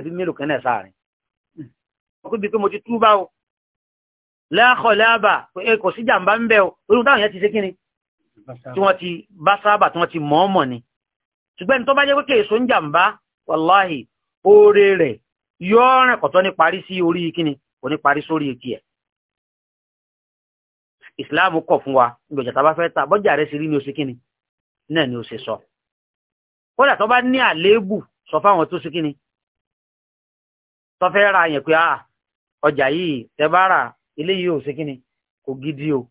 ẹbí mélòó kan náà sáàrin ọkọ̀ ibi pé mo ti tú bá o láàkọ̀ láàbà kò sí jàǹbá ń bẹ́ o orí táwọn yẹn ti ṣe kí ni tí wọ́n ti bá sáàbà tí wọ́n ti mọ̀ọ́mọ̀ ni ṣùgbọ́n ní tó bá jẹ́ pé kèèso ń jàǹbá wàláhì oore rẹ̀ yóò rìn kọ̀tọ́ ní parí sí orí kí ni kò ní parí sórí èkì ẹ̀ ìsìláàmù kọ̀ fún wa níbi ọjà tàbá fẹ́ ta bọ́jà rẹ̀ sí rí ní oṣù kí ni náà ni ó ṣe sọ kódà tó bá ní àléébù sọ fáwọn tó ṣe kí ni tọ́fẹ́ ra yẹn pé ọjà yìí tẹ́bára eléyìí ò ṣe kíni kò gidi o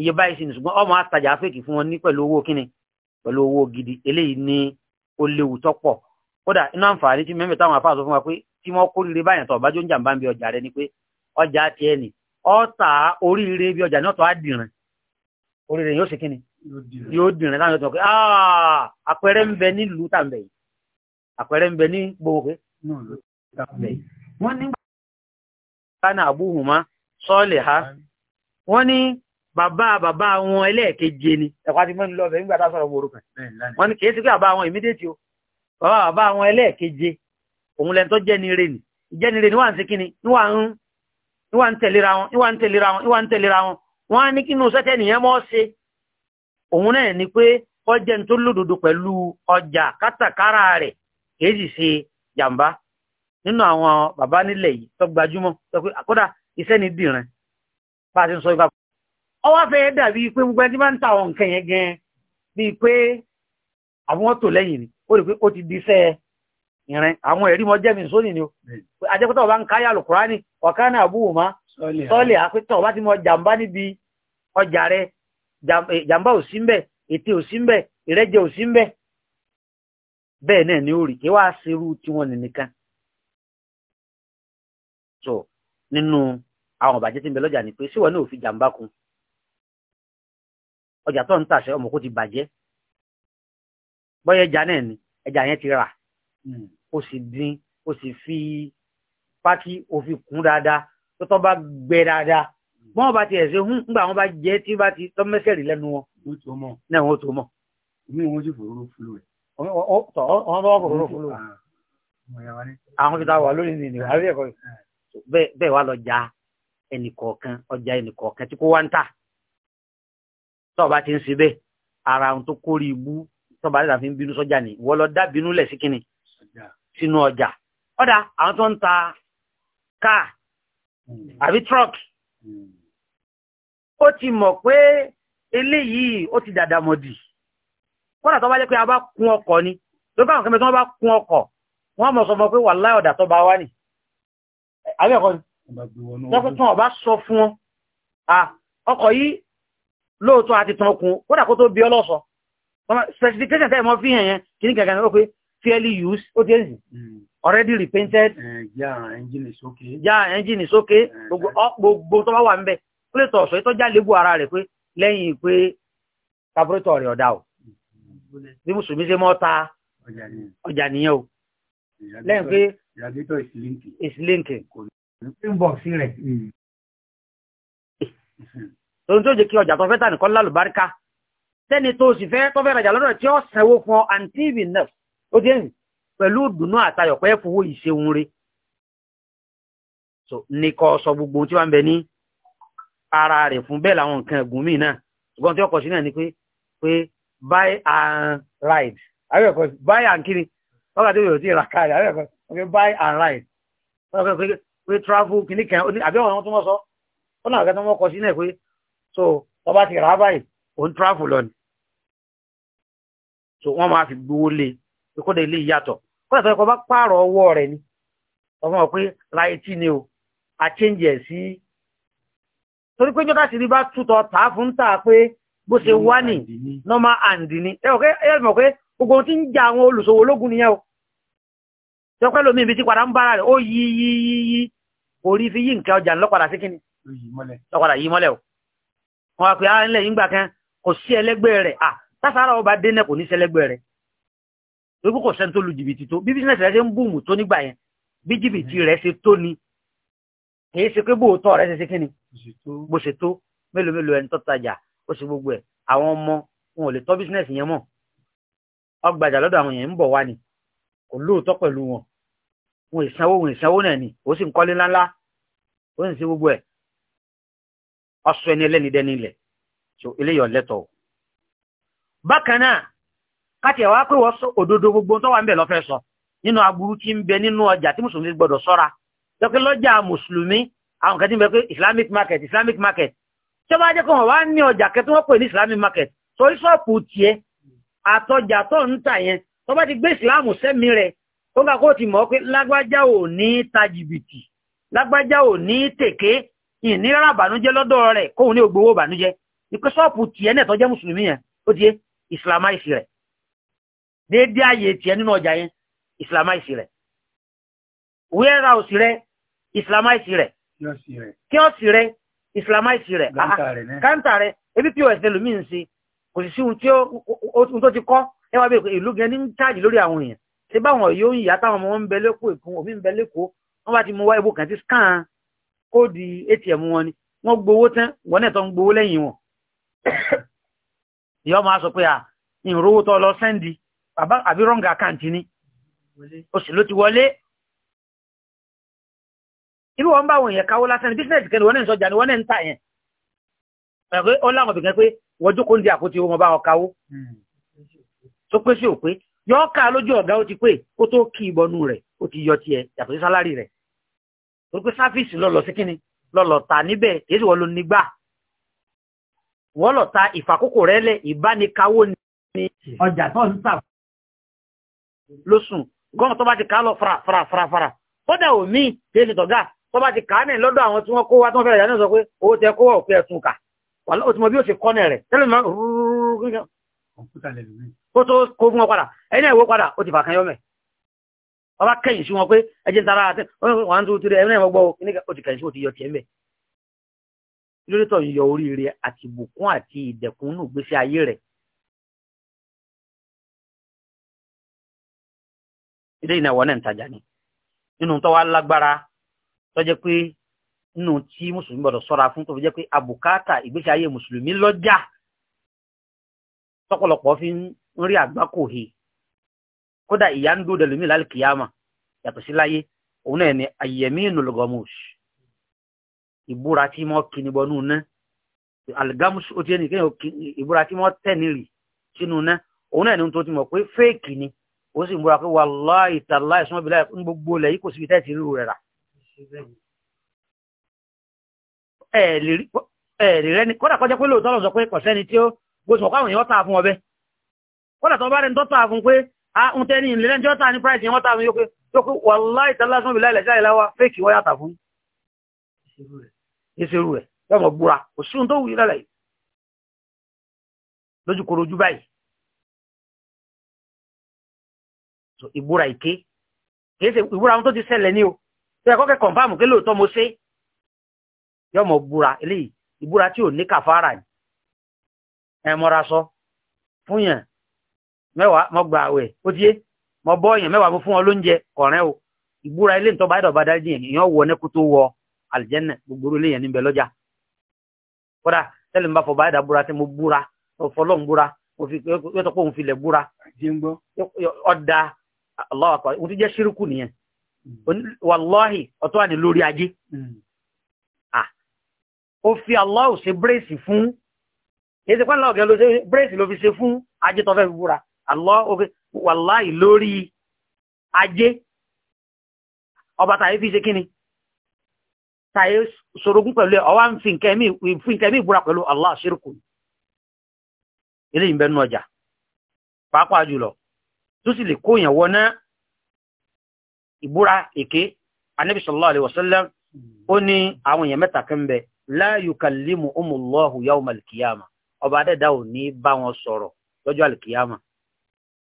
iye báyìí sì ni ṣùgbọ́n ọmọ àtajà fèkì fún wọn ní pẹ̀lú owó kíni pẹ̀lú owó gidi eléyìí ní o léwu pọ̀ kódà iná àǹfààní tí mẹ́mẹ́ta àwọn afáàsọ fún wa pé tí wọ́n kórìíre báyìí ọ̀bájú ń ọjà rẹ ni pé ọjà tiẹ̀ ni ọ̀tà oríire bí ọjà náà á oríire yóò ṣe yóò láwọn àpẹẹrẹ ń bẹ àpẹẹrẹ ń bẹ ní gbogbo pé wọ́n ní kánà àbúhùmá sọ́ọ̀lẹ̀ ha wọ́n ní bàbá bàbá wọn ẹlẹ́ẹ̀keje ni ẹ̀kọ́ àti mọ́ni lọ́bẹ̀ nígbà tásọ̀rọ̀ wòrò kan wọ́n ní kìí sí pé bàbá wọn ìmídètì o bàbá bàbá wọn ẹlẹ́ẹ̀keje òun lẹ́ni tó jẹ́ni re nì ni wà ń ṣe kíni níwà ń tẹ̀lera wọn níwà ni pé ọjẹ́ ń tó lódodo pẹ̀lú ọjà kátàkárà rẹ̀ kìí sì ṣe jàǹbá nínú àwọn bàbá nílẹ̀ yìí tó gbajúmọ̀ tó pé àkódà iṣẹ́ ní dìran bá a ti ń sọ ìgbà ọ wá fẹ́ dàbí pé gbogbo ẹni tí máa ń ta àwọn nǹkan yẹn gan bíi pé àwọn tó lẹ́yìn ni ó rí pé ó ti di iṣẹ́ ìrìn àwọn ẹ̀rí mọ jẹ́mi sóní ni o ajẹ́pẹ́tọ̀ bá ń káyà Al-Kùránì ọ̀ká náà búwò má sọ́ọ̀lì àpẹ́tọ̀ bá ti mọ jàǹbá níbi ọjà rẹ jàǹbá eh, ò sí ń ò sí ìrẹ́jẹ ò sí bẹ́ẹ̀ náà ni ó rí kí wàá ṣerú tiwọn nìkan so nínú àwọn ọ̀bàjẹ́ tí ń bẹ lọ́jà ni pé síwọ́n náà ò fi jàǹbá kun ọjà tó ń tàṣẹ ọmọ kó ti bàjẹ́ bọ́yá ẹja náà ni ẹja yẹn ti rà ó hmm. sì dín ó sì fi pákí ó fi kún dáadáa tó tọ́ bá gbẹ dáadáa hmm. bọ́n ọba ti ẹ̀sẹ̀ hún nígbà wọn bá jẹ́ tí bá ti tọ́ mẹ́sẹ̀ rí lẹ́nu wọn náà wọ́n tó mọ̀. mi wọn sì fòróró fúlù rẹ. ọ̀hún bá wọ́n fòróró fúlù. Ah, àwọn fi ta wà lórí nìyí àríyànjọ bẹ́ẹ̀ wá lọ ja ẹnìkọ̀ọ̀kan ọjà ẹnìkọ̀ọ̀kan tí kò wá ń tà tọ́ọ̀bá ti ń ṣe bẹ́ẹ̀ ara ohun tó kórè ibú tọ́ọ̀bá dàda fi ń bínú sọ́jà ni wọ́n lọ dá bínú lẹ̀ sí kínni sínú ọjà ọ̀dà àwọn tó ń ta káà hmm. àbí trọ́ọ̀kì hmm. ó ti mọ̀ pé eléyìí ó ti dàdà kọ́nà tó bá jẹ́ pé a bá kún ọkọ̀ ni lókàwọn kẹ́mẹ́ tó bá kún ọkọ̀ wọ́n mọ̀ sọ pé wà tó bá wá nìí àbẹ́ẹ̀kọ́ ni tọ́kùn ọba sọ fún ọ ọkọ̀ yìí lóòótọ́ àti tọkùn ó dàkó tó bí ọlọ́sọ specification tẹ́ fi hàn yẹn ní gàgàgà ó fairly used ó dé hmm. already repainted yeah engine is okay is okay eh, eh. gbogbo tó bá wà ń bẹ̀ ó lè tọ̀ lébù ara rẹ̀ pé lẹ́yìn pé carburetor rẹ̀ ọ̀dà o hmm. bí mùsùlùmí ṣe mọ́ ọjà nìyẹn o lẹ́yìn pé radiator is linking. is linking. kò ní pín bọ̀ sí rẹ̀. Hmm. Hmm. ohun tó jẹ́ kí ọjà tó fẹ́ tà nìkan lálùbáríkà sẹ́ni tó sì fẹ́ tó fẹ́ rajà lọ́dọ̀ tí ó sanwó fún ọ àǹtí ìbí náà ó dé rìn pẹ̀lú ìdùnnú àtayọ̀ pé fowó ìṣeun re nìkan sọ gbogbo tí wọ́n ń bẹ ní ara rẹ̀ fún bẹ́ẹ̀ làwọn nǹkan ẹ̀gùn míì náà ṣùgbọ́n tí ọkọ̀ sí náà ni pé pé buy and ride àwẹ̀kọ̀ buy and kiri ọkà tó yọ̀ sí ìràkà rẹ̀ àwẹ̀kọ̀ okay buy and ride okay okay pé travel kini kan àbí ọ̀rọ̀ tó wọ́n so, ó náà kẹ́tọ́ wọ́n kọ sí náà pé so wọ́n bá ti rà á báyìí ó travel lọ ni so wọ́n máa fi gbowó lé e pé kó lè lè yàtọ̀ kó lè sọ pé bá pààrọ̀ ọwọ́ rẹ̀ ni wọ́n mọ̀ pé láìtì ni o a change ẹ̀ sí torí pé jọ́dá sì rí bá tútọ̀ tàá fún tà pé bó ṣe wá ni. normal and ní ẹ̀ mọ̀ pé gbogbo ohun tí ń ja àwọn olùsòwò ológun nìyẹn o tó pẹ́ lómi ibi tí padà ń bára rẹ̀ ó yí yí yí yí orí fi yí nǹkan ọjà lọ́padà sí kíni lọ́padà yí mọ́lẹ̀ o wọn wá pé á ah, ńlẹ̀ yín gbà kan kò sí ẹlẹ́gbẹ́ rẹ̀ à ah, tásàárà ọba dénẹ̀ kò ní sí ẹlẹ́gbẹ́ rẹ̀ torí kò sẹ́ni tó lu jìbìtì tó bí bísíǹsì rẹ̀ ṣe ń búùmù tó nígbà yẹn bí jìbìtì rẹ̀ ṣe tó ni kì í ṣe pé bóòótọ́ rẹ̀ ṣe ṣe kíni bó ṣe tó mélòó mélòó ẹni tó kò lóòótọ́ pẹ̀lú wọn wọn ìsanwó wọn ìsanwó náà ni ó sì ń kọ́lé ńláńlá ó sì ń ṣe gbogbo ẹ̀ ọsọ ẹni ẹlẹ́ni dẹ́ni ilẹ̀ so eléyọ̀ lẹ́tọ̀ bákan náà káti ẹ̀wá pé wọ́n sọ òdodo gbogbo tó wà ń bẹ̀ lọ́fẹ́ sọ nínú aburú tí ń bẹ nínú ọjà tí mùsùlùmí gbọdọ̀ sọ́ra lọ́pẹ́ lọ́jà mùsùlùmí àwọn kan tí ń pé islamic market islamic market tí wọ́n bá jẹ́ kó wọ́n wá ní ọjà kẹtọ́ wọ́n pè ní islamic market torí ṣọ́ọ̀pù tiẹ̀ àtọjà tó ń tà yẹn tó bá ti gbé ìsìláàmù sẹ́mi rẹ̀ o kó ti mọ̀ pé lágbájá ò ní tajìbìtì lágbájá ò ní tèké ìní rárá bànújẹ́ lọ́dọ̀ kóun ní ògbówó bànújẹ́ ní pé ṣọ́ọ̀pù tiẹ̀ náà tọ́jẹ́ mùsùlùmí yẹn ó di islamize rẹ̀ déédéé ààyè tiẹ̀ nínú ọjà yẹn islamize rẹ̀ warehouse rẹ̀ islamize rẹ̀ kíọ́sì rẹ islamize rẹ̀ káńtà rẹ̀ ebi pọ́s ẹlòmíín sí kò sì sí ohun tó ti kọ́ ẹ wá ìlú ń ṣé báwọn yóò ń yá táwọn ọmọ wọn ń bẹ lẹ́kọ̀ọ́ ìkún òbí ń bẹ lẹ́kọ̀ọ́ wọ́n bá ti mú wá ibò kan ti scan kóòdì atm wọn ni wọ́n gbowó tán wọ́n náà tó gbowó lẹ́yìn wọn. ìyá ọmọ á pé à ìrówó tó lọ sẹ́ndì bàbá àbí rọ́ǹgà àkáǹtì ni oṣù ló ti wọlé. irú wọn bá wọn yẹn káwó lásán ní bísíǹsì kẹ́ni wọ́n náà ń sọjà ni wọ́n náà ń tà yẹn yọ ká lójú ọ̀gá ó ti pé ó tó kí ìbọnú rẹ̀ ó ti yọ tiẹ̀ yàtọ̀ sí sálárì rẹ̀ tó pé sáfíìsì lọ́lọ́ sí kíni lọ́lọ́ ta níbẹ̀ kìí sì wọ́n ló nígbà wọ́n lọ ta ìfàkókò rẹ̀ lẹ̀ ìbánikawó ni ọjà tó ń tà lóṣùn gọ́nà tó bá ti ká lọ fara fara fara fara kódà òmíì kìí sì tọ̀gá tó bá ti ká ní lọ́dọ̀ àwọn tí wọ́n kó wá tó fẹ́rẹ̀ yánú sọ pé owó tẹ kó wà òkú ẹ̀tún kà wà lóòtú bí ó ṣe kọ́nẹ̀ rẹ̀ tẹ́lẹ̀ mọ́ rúrúrú kó tó kó fún wọn padà ẹni ẹ̀wọ́ padà ó ti fàkàn yọmẹ̀ ọba kẹ́yìn sí wọn pé ẹjẹ́ tara àti wọn tó tirẹ̀ ẹni ẹ̀wọ́ gbọ́ ó ti kẹ́yìn sí ó ti yọ tiẹ̀ mẹ́ lórí tó yọ oríire àti ìbùkún àti ìdẹ̀kùn gbèsè ayé rẹ̀ ilé ìnáwó náà ń tajà ni nínú tó wá lágbára tó jẹ́ pé nínú tí mùsùlùmí gbọ́dọ̀ ṣọ́ra fún tó fi jẹ́ pé àbùkátà ìgbésí ayé mùsùlùmí lọ́jà tọ́pọ̀lọpọ̀ fi ń nri rí àgbákò he kódà ìyá ń alikiyama lómi yàtọ̀ sí láyé òun náà ni àyẹ̀mí ìnulọ̀gọ́mùs ìbúra tí mọ́ kíni ná algamus ó ti ẹni kí ìbúra tí mọ́ tẹ̀ni rì sínú ná òun náà ni tó ti mọ̀ pé fẹ́ẹ̀kì ni ó sì ń pé gbogbo kódà bá rẹ̀ fún pé ń ah, tẹ́ ní ìlẹ́jọ́ tà ní price yẹn wọ́n tà fún yóò pé wàláì tẹ́lá sún bí láìlẹ̀ sáyẹ̀ láwá fẹ́ẹ̀kì wọ́n yàtà fún ìṣerú rẹ̀ yọmọ búra kò sí ohun tó wù yí lójú ojú báyìí ìbúra ìké kìí ṣe ìbúra tó ti ṣẹlẹ̀ ní o tó yẹ kọ́kẹ́ kọ̀ǹfàmù kí lóòótọ́ mo ṣe yọmọ búra eléyìí ìbúra tí ò ní sọ fún mẹ́wàá mọ́ gba àwẹ̀ ó ti yé mọ́ bọ́ èèyàn mẹ́wàá fún ọ lóúnjẹ kọ̀rẹ́ o ìbúra ilé ìtọ́ báyìí dọ̀bá dájú èèyàn wọ ní kó tó wọ àlìjẹ́nà gbogbo ilé yẹn níbẹ̀ lọ́jà kódà tẹ́lẹ̀ ń bá fọ báyìí dàbúra tí mo búra fọlọ́n búra yóò tọ́ pé òun filẹ̀ búra ọ̀dà Allahu òun ti jẹ́ ṣírùkù nìyẹn mm. wàláhì ọ̀tọ́ àní lórí ajé mm. ó fi Allah ṣe bírèsì fún èsì pẹ́ńlá ọ̀gẹ́ ló ṣe bírèsì ló fi ṣe fún ajé tó fẹ́ fi búra Allah oge wàláì lórí ajé ọba tàyé fi ṣe kíni tàyé sorogún pẹ̀lú ọwá ń fi nkẹ́mí ìbúra pẹ̀lú Allah ṣírkù ilé ìbẹ̀nú ọjà pàápàá jùlọ tó sì lè kó èèyàn wọ ná ìbúra èké Ànábì sallallahu alaihi wasallam ó ní àwọn èèyàn mẹ́ta kan bẹ la yukallimuhumullahu yawmal qiyamah ọba adẹ́dá ò ní bá wọn sọ̀rọ̀ lọ́jọ́ alìkìyàmà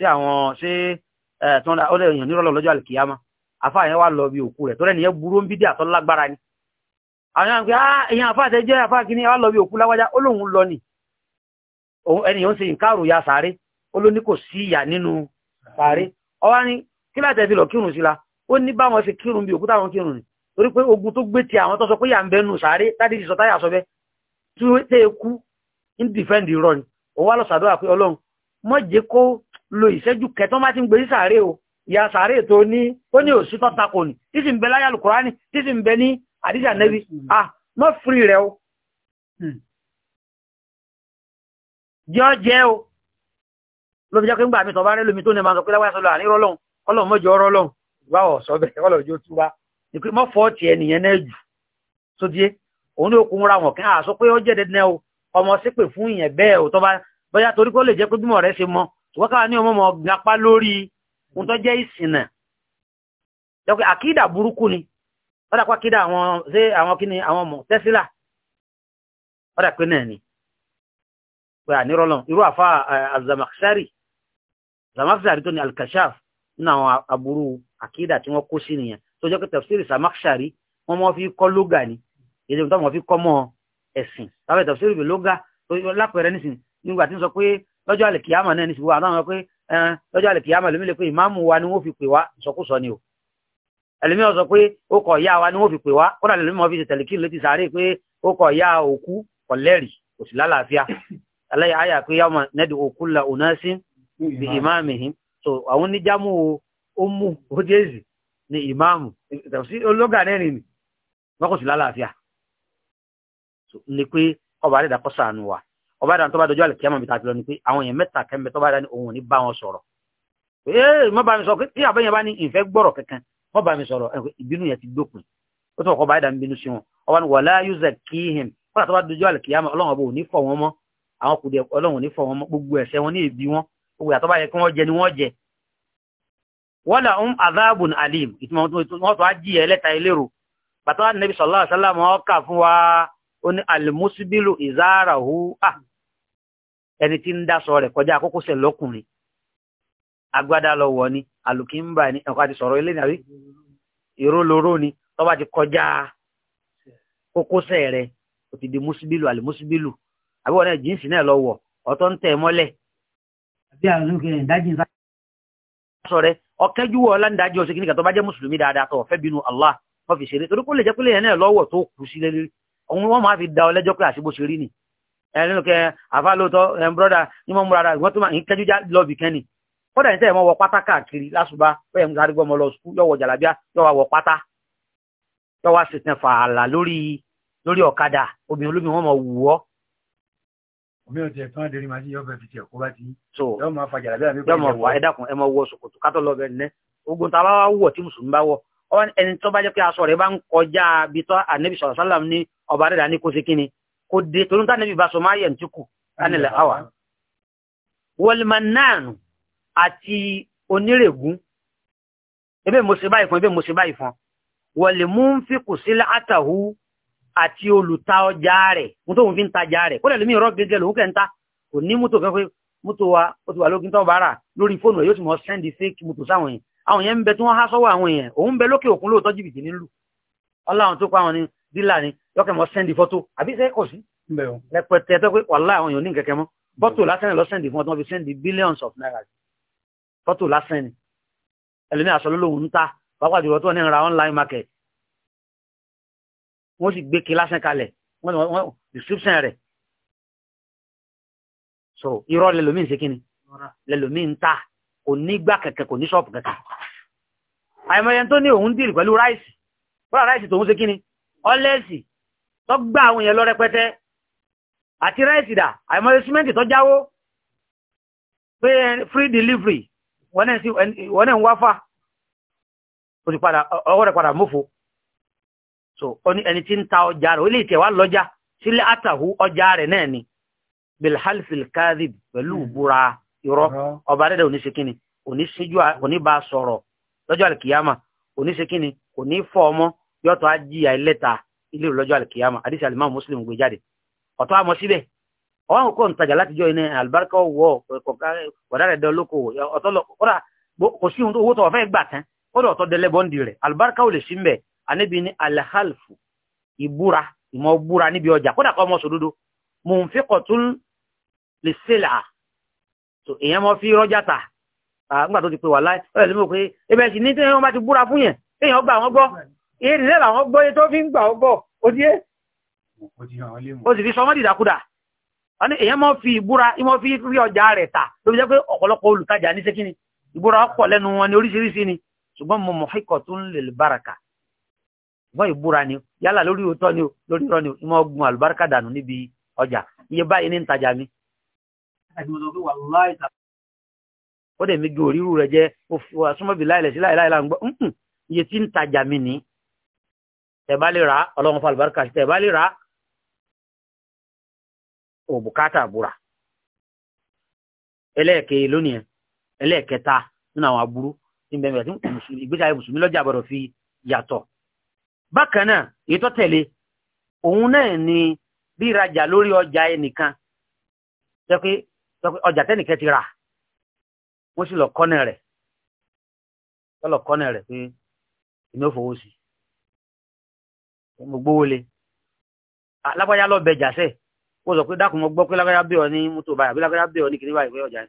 sí àwọn ṣé tí wọ́n ó lè yàn nírọ̀lọ́ lọ́jọ́ àlùkìyàmá àfáà yẹn wà lọ bí òkú rẹ̀ tọ́lẹ̀ nìyẹn burú ń bí dé àtọ́ ni àwọn àgbẹ̀ ah, èèyàn àfáà tẹ́ jẹ́ àfáà kìíní wà lọ bí òkú lágbájá ó lóun lọ nì ẹni yóò ń ṣe ìkárò ya sáré ó ló ní kò sí ìyà nínú sáré ọwá ní kí láti ẹ̀fì lọ kírun sí la ó ní báwọn ṣe kírun bí òkú táwọn kírun ni torí pé ogun tó gbé ti àwọn tó sọ pé yà ń bẹnu sáré tádé ti sọ táyà sọ bẹ tí ó tẹ́ kú ń dìfẹ́ǹdì rọ ni òun wá lọ sàdúrà pé ọlọ́run mọ́ kó lo ìṣẹ́jú kẹtọ́ má ti ń gbé sí sàárè o ìyá sàárè tó ní ó ní òsì tọ́takò ní tí sì ń bẹ láyà lùkùránì tí sì ń bẹ ní àdíjà nẹ́bí ah mọ́ fìrí rẹ̀ o jẹ́ hmm. ọ jẹ́ o ló fi jẹ́ pé ń gbà mí tọ́ bá rẹ́ lómi tó ní ma sọ pé láwáyà sọ́lọ́ àní rọ́lọ́hun kọ́lọ̀ mọ́jọ rọ́lọ́hun wá ọ̀ sọ bẹ́ẹ̀ kọ́lọ̀ jó túbá ní pé mọ́ fọ́ tiẹ̀ nìyẹn náà jù tó díé òun ní okun ra wọn kí a sọ pé ó jẹ́ dẹ́dẹ́ o ọmọ sípè fún ìyẹn bẹ́ẹ̀ o tọ́ bá bóyá torí kó lè jẹ́ pé bímọ rẹ̀ ṣe mọ́ wọ́kàwà ní ọmọ ọ̀gbàpá lórí ohun tó jẹ́ ìsìnà ẹ̀kọ́ àkídà burúkú ni ọ̀dà pa kídà àwọn ṣé àwọn kíni àwọn ọmọ tẹ́sílà ọ̀dà náà ni pé ànírọ́lọ́n irú àfa eh, azamaxari azamaxari tó ní alkashaf nínú àwọn aburú àkídà tí wọ́n kó sí nìyẹn tó jẹ́ pé tafsiri ni èdè tó wọ́n fi kọ́ mọ́ ẹ̀sìn tàbí tafsiri bí lóga lápẹẹrẹ nísìn nígbà lọ́jọ́ àlìkìyàmọ̀ náà ní ṣùgbọ́n àwọn ọmọ pé lọ́jọ́ àlìkìyàmọ̀ lómi lè pé ìmáàmù wa ni wọ́n fi pè wá ìsọkúsọ ni o ẹlòmí ọ̀sọ̀ pé ó kọ̀ ya wa ni wọ́n fi pè wá kódà lèmi mọ̀ fi tẹ̀lé kí n létí sáré pé ó kọ̀ ìyá òkú kọ̀lẹ́rì kò sí lálàáfíà aláya àyà pé yàmọ̀ nẹ́ẹ̀dì òkú la òun náà sí bí ìmáàmù yìí so àwọn oníjàmù ó mú ó déèzì ni ìmáàmù ológa náà nìyí wọn kò sí lálàáfíà ni ọba dàn tó bá dọjọ́ àlùkìyàmọ̀ mi tàbí lọ ni pé àwọn èèyàn mẹ́ta kẹ́mbẹ́ tó bá dání òun ní bá wọn sọ̀rọ̀ ee mọ́ bá mi sọ̀rọ̀ tí àbẹ́yẹn bá ní ìfẹ́ gbọ́rọ̀ kankan mọ́ bá mi sọ̀rọ̀ ìbínú yẹn ti dópin ó tún ọkọ̀ bá dàn bínú sí wọn ọba ni wàlá yúzẹ̀ kíhìn kọ́lá tó bá dọjọ́ àlùkìyàmọ̀ ọlọ́run alim ìtumọ̀ wọ́n tó á jí ẹlẹ́ta ilérò bàtà nàbì sallallahu alaihi wasallam fún wa ó ní alimusibilu ìzárahu ah ẹni tí ń dáṣọ rẹ̀ kọjá kókósẹ̀ lọkùnrin agbádá lọ wọ̀ ni àlùkìmbà ni ẹ̀kọ́ àti sọ̀rọ̀ ilé nàrí ìró lóró ni tọba ti kọjá kókósẹ̀ rẹ̀ o ti di músíbílù àlè músíbílù àbí wọn lọ wọ ọláńdájú ọsẹ tó bá jẹ mùsùlùmí dáadáa tó bínú wọn fi ṣeré torí kó lè jẹ pé lè yẹn náà tó kù sí da pé ẹ̀rínú kẹ àfálótọ́ ẹ̀mbrọ́dà ní mọ́ múra ìwọ́n tó máa ń kẹjú já lọ́bì kẹ́ni kọ́dà ìtẹ́ ìmọ̀ wọ pátá káàkiri lásùbá pẹ́ ń garí gbọ́mọ lọ sùkú yọ̀wọ̀ jàlábíà yọ̀wà wọ pátá yọ̀wà sìtẹ̀ fààlà lórí lórí ọ̀kadà obìnrin olómi wọn mọ̀ wù ọ́. omi ò ma ti yọ bẹ́ẹ̀ fi tiẹ̀ kó bá ti yọ máa fa jàlábíà kò dé torí tá níbi ìbáṣọ máa yẹ̀ ń tí kù ánilẹ̀ àwà wọlmanáàrùn àti onírègún ebé mo ṣe báyìí fún ebé mo ṣe báyìí fún wọlé mú ń fi kù sílẹ̀ àtàwù àti olùta ọjà rẹ̀ mú tóun fi ń tajà rẹ̀ kó lẹ́lú rọ́ gẹ́gẹ́ lòun kẹ́ ń ta kò ní mú tó fẹ́ pé mú tó wa ó ti wà lókín tán bàárà lórí fóònù yóò sì mọ́ sẹ́ndì fake mú tó sáwọn yẹn àwọn yẹn ń bẹ tí wọ́n há sọ́wọ́ àwọn yẹn òun bẹ lókè òkun lóòótọ́ jìbìtì nílùú ọlọ́run tó pa wọn ni dílà ni lọ́kẹ̀ mọ́ sẹ́ndì fọ́tò àbí sẹ́ kò sí lẹ́pẹ̀tẹ̀ tó pé wàhálà àwọn èèyàn ní kẹ̀kẹ́ mọ́ fọ́tò lásán ni lọ sẹ́ndì fún ọdún wọn fi sẹ́ndì billions of naira fọ́tò lásán ni ẹlòmíà sọ lóhùn ń ta pàápàá jùlọ tó ní ra online market wọ́n sì gbé kí lásán kalẹ̀ wọ́n description rẹ̀ so irọ́ lẹ́lòmíì ṣe kíni lẹ́lòmíì ń ta kò ní gbà kẹ̀kẹ́ kò ní ṣọ́ọ̀pù kẹ̀kẹ́ àìmọye tó ní òun dìrì pẹ̀lú ráìsì bọ́lá ráìsì tòun ṣe kíni ọlẹ́sì tó gbá àwọn èèyàn lọ rẹpẹtẹ àti rẹ́ẹ̀sì dà àìmọ́ símẹ́ǹtì tó jáwó pé free delivery wọ́n náà ń wáfà ọwọ́ rẹ̀ padà mọ́fò so ẹni tí ń ta ọjà rẹ̀ ó lè tẹ̀wá lọ́jà sílẹ̀ àtàhù ọjà rẹ̀ náà ni bilhalfil kadhib pẹ̀lú hmm. ìbúra irọ́ ọba rẹ̀ òní ṣe kíni òní bá sọ̀rọ̀ lọ́jọ́ àlùkìyàmà òní ṣe kíni òní fọ́ ọmọ yọtọ ajíyà ẹlẹta ilé ìlọjọ alikiyama àdìsí alimami muslim gbé jáde ọtọ àmọ́ síbẹ̀ ọwọn kò ń tajà láti jọ iná alibarika wọ ọdá rẹ dán lóko ọtọ lọ kódà kò sí ohun tó owó tó ọfẹ gbà tán kódà ọtọ dẹlẹ bọndì rẹ alibarika ò lè sí mbẹ anabi ní alihalfu ìbúra ìmọ̀ búra níbi ọjà kódà kọ́ ọmọ sòdodo munfiqatun lisila so èèyàn mọ fi rọjà ta nígbà tó ti pè wà láì ẹ lè mọ̀ pé ebè sì ní tí wọ́n bá ti búra fún yẹn ìrìn náà làwọn gbọ́yé tó fi ń gbà ọgbọ̀ ó díé ó sì fi sọmọ́ dìdàkudà wọ́n èyàn mọ́ fi ìbúra ìmọ́ fi rí ọjà rẹ̀ tà ló fi jẹ́ pé ọ̀pọ̀lọpọ̀ olùtajà ní sékíní ìbúra ọ̀pọ̀ lẹ́nu wọn ni oríṣiríṣi ni ṣùgbọ́n mo mọ̀ ikọ̀ tó ni yálà lórí òótọ́ ni lórí irọ́ ni ìmọ̀ ọgbọ̀n àlùbáríkà dànù níbi ọjà iye báyìí ní ń tajà mi. ó dẹ̀ mi gbé òrírù rẹ̀ jẹ́ ó fi wà súnmọ́ bí láìlẹ̀ sí láìláìlá ń gbọ́ tí ń tajà mi nìí tẹ̀bá lè rà ọlọ́run fún àlùbáríkà sí tẹ̀bá lè rà òbùkátà àbúrà ẹlẹ́ẹ̀kẹ́ lónìí ẹlẹ́ẹ̀kẹta nínú àwọn aburú níbẹ̀ bẹ̀rẹ̀ tí ìgbésí ayé mùsùlùmí lọ́jà gbọ́dọ̀ fi yàtọ̀ bákan náà èyí tẹ̀lé òun náà ni bí ìrajà lórí ọjà ẹnìkan tẹ́ pé ọjà tẹ́nìkan ti rà wọ́n sì lọ kọ́nà rẹ̀ lọ́lọ́ kọ́nà rẹ̀ pé èmi fowó sí mo gbówó le lágbájá lọ bẹ jàsẹ ó sọ pé dákun mo gbọ́ pé lágbájá bẹ ọ ní mọ́tò báyìí àbí lágbájá bẹ ọ ní kìnìún báyìí pé ọjà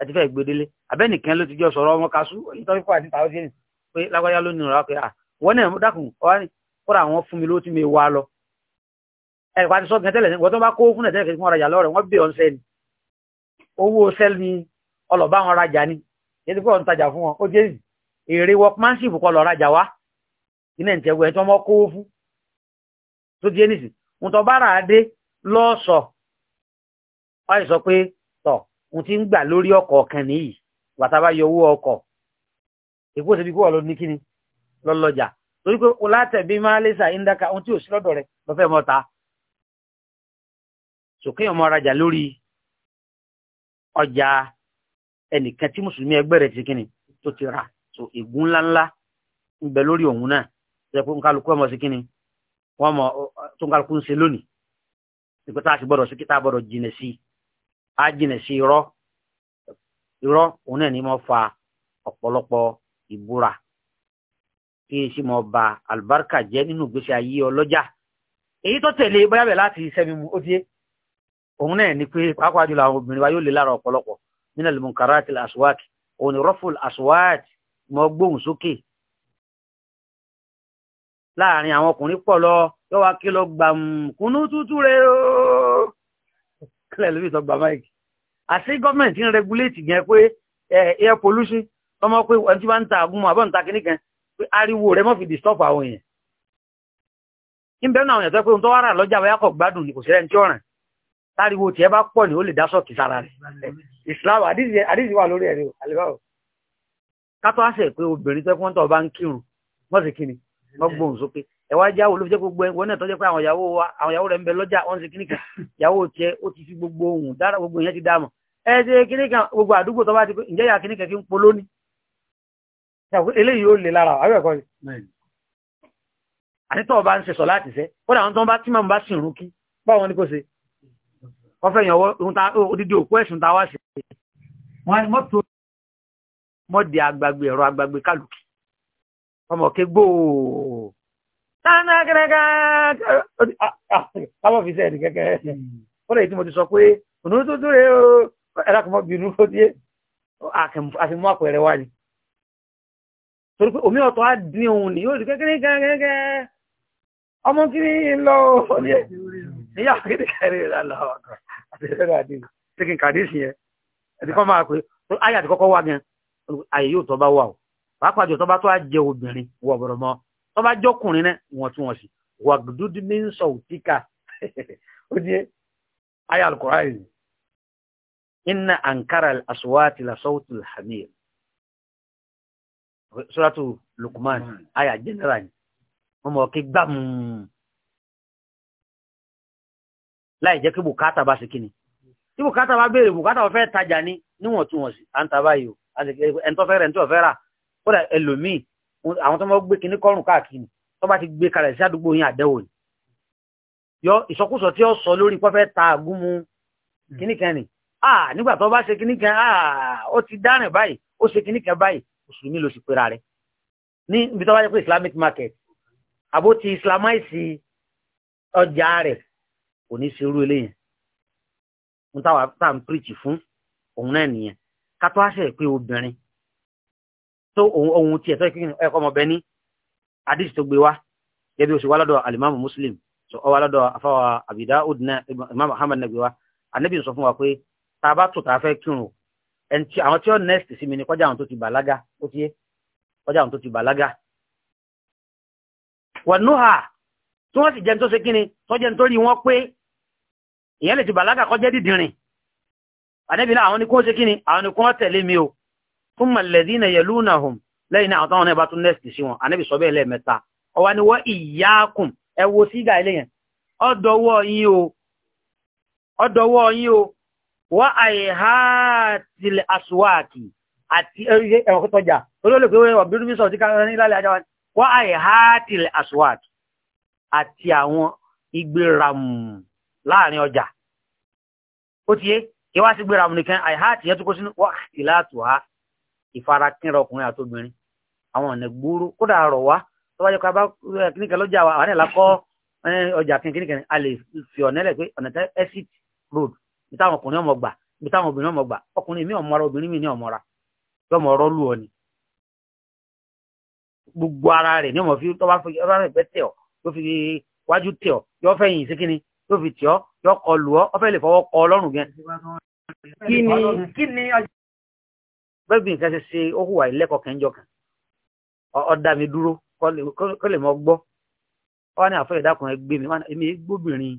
ẹ ti fẹ́ gbedele abẹnìkan ló ti jọ sọ̀rọ̀ ọmọ kaṣú nítorí fún àti tàwọn jẹnì pé lágbájá ló nìrọ pé wọn náà dákun ọwọ́ ni kóra àwọn fún mi ló ti mi wá lọ ẹ pàti sọ gẹ tẹ́lẹ̀ wọn tó bá kó fún ẹ tẹ́lẹ̀ kí wọn rajà lọ́rẹ̀ wọn bẹ ọ ń sẹ ni owó sẹl ni ọlọba wọn rajà ni yẹtí pé ọ iná ń tẹ́wọ́ ẹ̀ tí fún tó di ẹnìsì ń tọ́ bára adé lọ́ọ̀sọ̀ wáyé sọ pé tọ̀ ń ti ń gbà lórí ọkọ̀ ọ̀kan nìyí wàtàbá yọ owó ọkọ̀ èkó ṣe bí kó lọ ní kíni lọ́lọ́jà torí lórí ọjà ẹnìkan tí mùsùlùmí ẹgbẹ́ rẹ̀ ti kíni tó ti rà so ègún ńláńlá sẹ́kù nkálukú ọmọ sí kíni wọ́n mọ̀ tó nkálukú ń ṣe lónìí ìpè tá a ti gbọ́dọ̀ sí kí a gbọ́dọ̀ jìnà sí a jìnà sí irọ́ irọ́ òun náà ni mo fa ọ̀pọ̀lọpọ̀ ìbúra kí n sì mọ ba àlùbáríkà jẹ́ nínú ìgbésí ayé ọlọ́jà èyí tó tẹ̀lé bóyá bẹ̀ láti sẹ́mi mu ó díẹ̀ òun náà ni pé pàápàá jùlọ àwọn obìnrin wa yóò lè lára ọ̀pọ̀lọpọ̀ nínú al-munkarat al-aswat òun ni rọ́fùl aswat mọ gbóhùn sókè láàrin àwọn ọkùnrin pọ̀ lọ yóò wá kí lọ gbàmùkúnú mm, tútù rẹ̀ ooo àti gọ́ọ̀mẹ̀ntì ń regulate yẹn pé air pollution ọmọ pé ẹni tí wọ́n ń ta àgúnmọ̀ àbọ̀ ń ta kìnnìkan pé ariwo rẹ̀ mọ́ fi disturb àwọn èèyàn níbẹ̀ náà yẹn tó pé tó wára lọ́jà wáyà kọ̀ gbádùn ní kò sí ẹni tí ọ̀ràn táriwo tiẹ̀ bá pọ̀ ní ó lè dá sọ̀tì sára rẹ̀ Islam àdìsí wà lórí ẹ̀rí o àlebáwò kátó àṣẹ pé obìnrin tó kún tó bá ń kírun mọ́sí kíni wọ́n gbóhùn sókè ẹ̀wá jáwó ló fi jẹ́ gbogbo ẹ̀wọ́n náà tó jẹ́ pé àwọn ìyàwó wa àwọn ìyàwó rẹ̀ ń bẹ lọ́jà wọ́n ń ṣe kíníkà ìyàwó tiẹ̀ ó ti fi gbogbo ohun dára gbogbo ìyẹn ti dá mọ̀ ẹ ṣe kíníkà gbogbo àdúgbò tó bá ti pé ǹjẹ́ ìyá kíníkà kí ń polo ní. eléyìí ó lè lára àwọn ẹ̀kọ́ yìí. àti tó o bá ń ṣe sọ láti ṣe ó dà wọn tó ń bá tí màmú bá sì rún kí báwọn ni kò ṣe. wọ́n fẹ́ yànwọ́ odidi òkú ẹ̀sùn tá a wá ṣe. wọ́n mọ̀ tó ọmọ kí gbòò tánà kẹrẹkẹ kábọ̀ fi sẹ́ẹ̀dì kẹ́kẹ́ ó lè tí mo ti sọ pé ònú tó tó o ẹ̀rọ kò mọ bínú ó díẹ̀ àti mú àpẹẹrẹ wá ni torí pé omi ọ̀tọ̀ á dín òun ni yóò di kékeré kẹ́kẹ́ ọmọ kiri lọ ní ìyá kékeré kẹrẹ rẹ lọ àti ìrẹ́rẹ́ àdínà tí kì í kàdí sí yẹn ẹ̀dí kan máa pé ayé àti kọ́kọ́ wà gan ayé yóò tọ́ bá wà o pàápàá jù tó bá tó á jẹ obìnrin wọ ọ̀bọ̀rọ̀ mọ́ tó bá jọkùnrin náà wọ́n tún wọ́n sí wàgùdúdú òtíkà ó ní ayé alukọ̀rá yìí inna ankara aswati la sawtu alhamir suratu lukman aya general ni wọ́n mọ̀ kí gbàm láì jẹ́ kí bùkátà bá sí kíni tí bùkátà bá béèrè bùkátà wọ́n fẹ́ tajà ní níwọ̀ntúnwọ̀nsì à ń ta báyìí o ẹ̀ńtọ́fẹ́rẹ̀ ẹ̀ńtọ́fẹ́rà kódà ẹlòmíì àwọn tó máa gbé kinní kọrùn káàkiri tó bá ti gbé kalẹ̀ sí àdúgbò yín àdẹ́wò ni yọ ìsọkúsọ tí ó sọ lórí pọ́fẹ́ ta àgúnmu kinní kan ni ah nígbà tó bá ṣe kinní kan ah ó ti dárìn báyìí ó ṣe kinní kan báyìí mùsùlùmí ló sì pera rẹ̀ ní ibi tó bá jẹ́ pé islamic market àbó ti islamize ọjà rẹ̀ kò ní ṣe irú eléyìí ń táwa tá ń píríjì fún òun náà nìyẹn ká tó á ṣe pé obìnrin so òun ohun tí ẹ̀tọ́ ìkíkín ẹ̀kọ́ ọmọbẹ ní hadith tó gbé wá oṣù wá lọ́dọ̀ alimamu muslim so ọwá lọ́dọ̀ afáwa abi daud imam ahmad náà wá anabi sọ fún wa pé tá a bá tó tá fẹ́ kírun ẹni tí àwọn tí ó sí mi ni kọjá àwọn tó ti bàlágà ó thumma alladhina yalunahum lẹ́yìn náà àtàwọn ẹ̀bá tún nẹ́ẹ̀sì sí wọn ànábì sọ bẹ́ẹ̀ lẹ́ẹ̀mẹ́ta ọwá ni wọ́n iyyakum ẹ wo sígà ilé yẹn ọdọwọ́ yín o ọdọwọ́ yín o wọ́n àìhàtìlẹ̀ àṣùwàkì àti ẹ̀rọ̀kọ́tọ̀jà olólùpẹ̀wé ọ̀bírúbísọ̀ tí káàkiri ní ìlàlẹ̀ ajáwá wọ́n àìhàtìlẹ̀ àṣùwàkì àti àwọn ìgbéramù láàrin ọjà ó ti yé kí wá sí gbéramù nìkan àìhàtì yẹn tó kó sínú wọ́n àìhàtìlẹ̀ àṣùwàkì ìfarakínra ọkùnrin àti obìnrin àwọn ọ̀nà gbòòrò kódà rọ̀ wá tó bá jẹ́ ká bá kíníkẹ́ lọ́jà wa àwọn ìlàkọ́ ọjà kíníkẹ́ a lè fi ọ̀nà ẹlẹ́ pé ọ̀nà tẹ́ exit road bí táwọn ọkùnrin ọmọ gbà bí táwọn obìnrin ọmọ gbà ọkùnrin mi ọmọra obìnrin mi ní ọmọra yọmọ ọrọ lù ọ ni gbogbo ara rẹ̀ ní ọmọ fi tó bá fi ọba rẹ̀ pẹ́ tẹ̀ ọ́ tó fi wájú tẹ̀ ọ́ yọ fẹ̀yìn sí kíni tó fi tẹ̀ ọ́ yọ kọ lù ọ fẹ́ lè fọwọ́ kọ ọlọ́run gan. kí ni kí ni bẹ́ẹ̀ bí nǹkan ṣe ṣe ó hùwà ìlẹ́kọ̀ọ́ kẹ́ńjọ kan ọ̀dà mi dúró kọ́ lè mọ gbọ́ ọ ní afọ ìdákùnrin gbé mi wọn èmi gbóbìnrin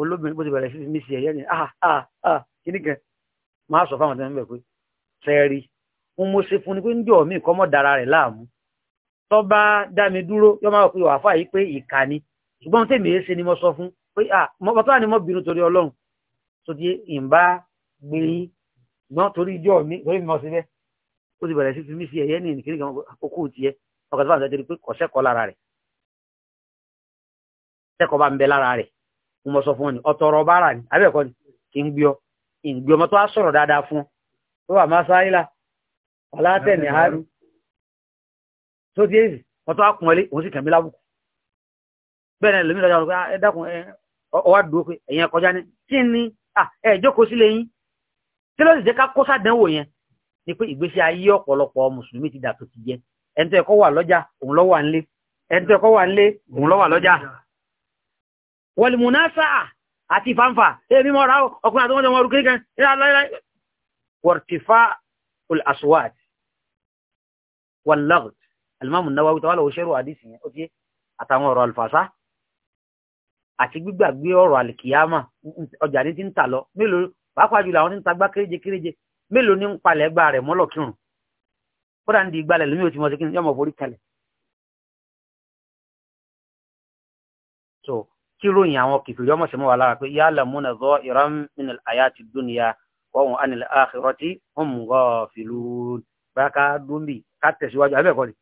olóbìnrin bó ti bẹ̀rẹ̀ sí mi sí ẹ̀yẹ́ ni ah ah ah kíní kan máa sọ fáwọn tẹ́lẹ̀ pé n mo ṣe fún ni pé ń jọ mí kọ́ mọ́ dára rẹ̀ láàmú bá dá mi dúró yọ máa fi pé ni ṣùgbọ́n ṣe ni mo sọ ṣùgbọ́n torí ijó mi torí mi mọ̀ síbẹ̀ ó ti bẹ̀rẹ̀ sí fi mí sí ẹ̀yẹ́ ní ìkíní kan okú tiẹ̀ ọkọ̀ tó bá ń sọ pé kò sẹ́kọ̀ọ́ lára rẹ̀ sẹ́kọ̀ọ́ bá ń bẹ lára rẹ̀ mo mọ̀ sọ fún ọ ni ọ̀tọ̀rọ̀ bára ni abẹ́ẹ̀kọ́ ni kì ń gbíọ́ ń gbíọ́ mọ́ tó dáadáa fún tó wà máa sáyílà ọ̀làtẹ̀ ní haru tó ti èyí mọ́ tó á kún ẹlé òun sì kàn mí lábùkù bẹ́ẹ̀ ah, ni lómi lọ́jà ọ̀rọ̀ pé kí ló sì jẹ́ ká kó sádánwò yẹn ni pé ìgbésí ayé ọ̀pọ̀lọpọ̀ mùsùlùmí ti dà tó ti jẹ́ ẹni tó ẹ̀kọ́ wà lọ́jà òun ló wà nílé ẹni tó ẹ̀kọ́ wà nílé òun ló wà lọ́jà. wọ̀lùmùnásà àti fanfa èmi mọ̀ ra ọkùnrin àti ọmọdé wọn rú kékeré ìlà láíláí. wọ̀rtìfà al-aswat wal-laghd alimami Nawawi tawala òṣèrò yẹn ó ti àtàwọn ọ̀rọ̀ alfàṣà àti gbígbàgbé ọ̀rọ̀ alìkìyàmà ọjà ní ti ń tà lọ mélòó pàápàá jùlọ àwọn tí ń tagbá kéréje kéréje mélòó ní ń palẹ̀ gba rẹ̀ mọ́lọ̀ kírun kódà ń di ìgbàlẹ̀ lómi ò ti mọ̀ sí kí ni yọmọ forí kalẹ̀. so kí ròyìn àwọn kìfìrí ọmọ sẹmọ wà lára pé ya'lamuna zahiran min al-hayati ad-dunya wa hum anil akhirati hum ghafilun bá ká dúnbì ká tẹ̀síwájú abẹ́ẹ̀kọ́ ni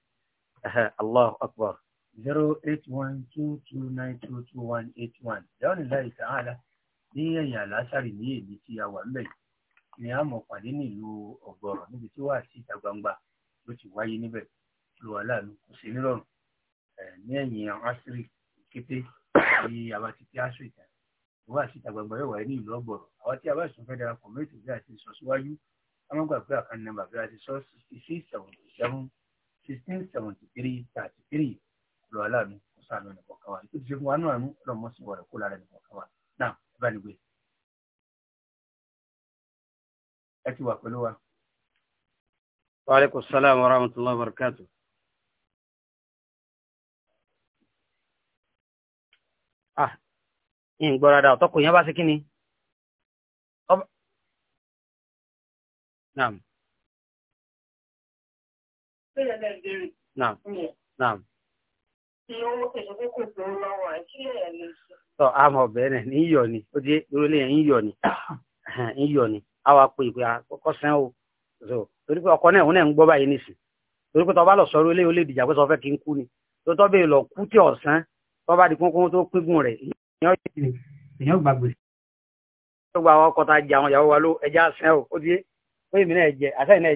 zero eight one two two nine two two one eight one ní ẹ̀yìn àlásàrì ní èdè tí a wà ń bẹ̀ ni a mọ̀ pàdé nílùú ọ̀gbọ̀rọ̀ níbi tí wàá sí ìta gbangba ló ti wáyé níbẹ̀ lu aláàánú kò sí nírọ̀rùn ní ẹ̀yìn asiri kété ní àwa ti pé asiri tán wàá sí ìta gbangba yóò wáyé ní ìlú ọ̀gbọ̀rọ̀ àwa tí a bá sùn fẹ́ darapọ̀ méjì bí a ti sọ síwájú a má gbàgbé àkànní nàmbà bí a ti sọ sixty seventy seven sixteen seventy three thirty three lu aláàánú kò sáà lọ nìkan kan wa ètò ìṣègùn wa náà ọlọmọ sí wọlé bá nígbè ẹ ti wà pẹ̀lú wa. wa alaikum salaam wa rahmatullahi wa barakatuh. ah ìgbọ́ ọ̀tọ́kùn yẹn bá ṣe kí ni. Naam. Naam tọ àmọ́ bẹ̀rẹ̀ ní yọ ni ó jẹ ìrọ̀lẹ́ yẹn ń yọ ni ń yọ ni a wá pé ìpè àkọ́kọ́ sẹ o so torí pé ọkọ náà òun náà ń gbọ́ báyìí nìsín torí pé tọba lọ sọ ìrọ̀lẹ́ olè dìjà pé sọ fẹ́ kí n kú ni tó tọ́ bẹ́ẹ̀ lọ kú tí ọ̀sán tọ́ba di kúnkún tó pínpín rẹ̀ èèyàn gbàgbé. ó gba àwọn ọkọ tá a jẹ àwọn ìyàwó wa ló ẹja sẹ o ó jẹ pé èmi náà jẹ àtẹ̀yìn náà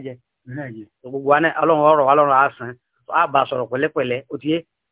jẹ gbogbo wa náà ọlọ́run ọ̀rọ̀ wa lọ́run àásán á bá sọ̀rọ̀ pẹ̀lẹ́pẹ̀lẹ́ ó ti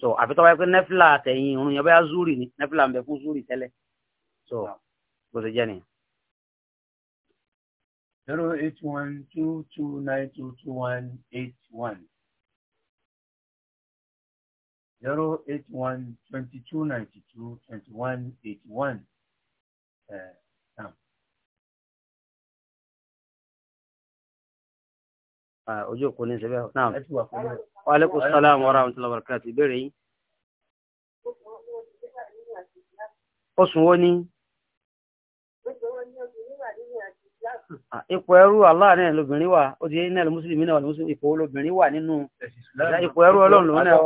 so àfi tọ́wọ́ pé nẹ́fìlà àtẹ̀yìn irun yẹn bóyá zúrì ni nẹ́fìlà ń bẹ fún zúrì tẹ́lẹ̀ so bó ṣe jẹ́ nìyẹn. zero eight one two two nine two two one eight one zero eight one twenty two ninety two twenty one eight one. Uh, ah, ojú òkú ní ṣe bẹ́ẹ̀ náà wa aleykum salaam wa rahmatullahi wa barakatuh ìbéèrè yín. oṣù wo ni. Ah, ipò ẹrú Allah náà lóbìnrin wà ó ti yé náà lómùsùlùmí náà lómùsùlùmí ipò lóbìnrin wà nínú ipò ẹrú ọlọ́run lòun náà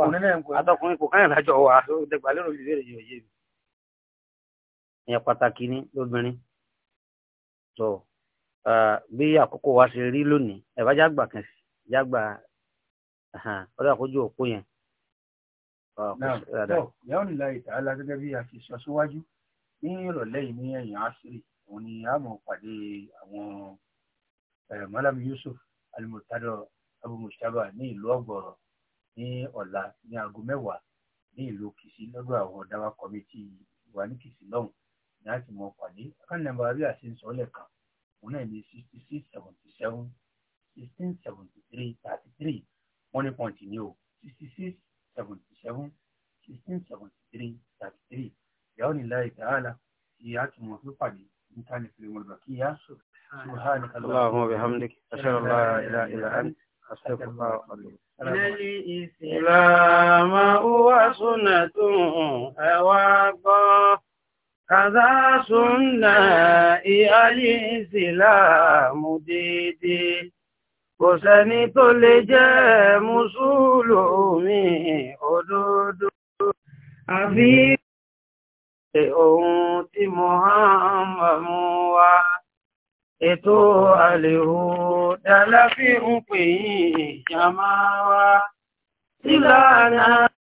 wà àtọkùnrin kò káyàn lájọ wà dẹgbà lérò ìbéèrè yìí òye mi. ìyẹn pàtàkì ni lóbìnrin tó ah, bí àkókò wa ṣe rí lónìí ẹ̀ bá jágbà kan jágbà ọlọ́run àkójú òkú yẹn. yàrá ìlà ìtàlá gẹ́gẹ́ bí a ti sọ síwájú ní ìrọ̀lẹ́ yìí ní ẹ̀yìn àṣírí òun ni a mọ̀ pàdé àwọn Malam Yusuf alimutadọ Abu Mustaba ní ìlú ọgbọrọ ní ọ̀la ní aago mẹ́wàá ní ìlú Kìsì lọ́dọ̀ àwọn ọ̀dáwà kọ́mítì ìwà ní Kìsì lọ́hùn ní a ti mọ̀ pàdé akánilẹ́mbà bí a ṣe seventy seven sixteen seventy three thirty three wọ́n ní pọ́ǹtì ní o sixty six seventy seven sixteen seventy three thirty three ìyá òní láì tààlà tí a tún mọ̀ fún níta ní fèrè wọn bàkí yá sọ. سبحانك اللهم وبحمدك أشهد أن لا إله إلا أنت أستغفرك وأتوب إليك الإسلام هو سنة أواقع كذا سنة الإسلام ديدي kò sẹ́ni tó lè jẹ́ mùsùlùmí òdodo àfi ohun tí Muhammad mú wá ètò àlèrò dáláfíhùn pè yí ìjàmáwá sílá náà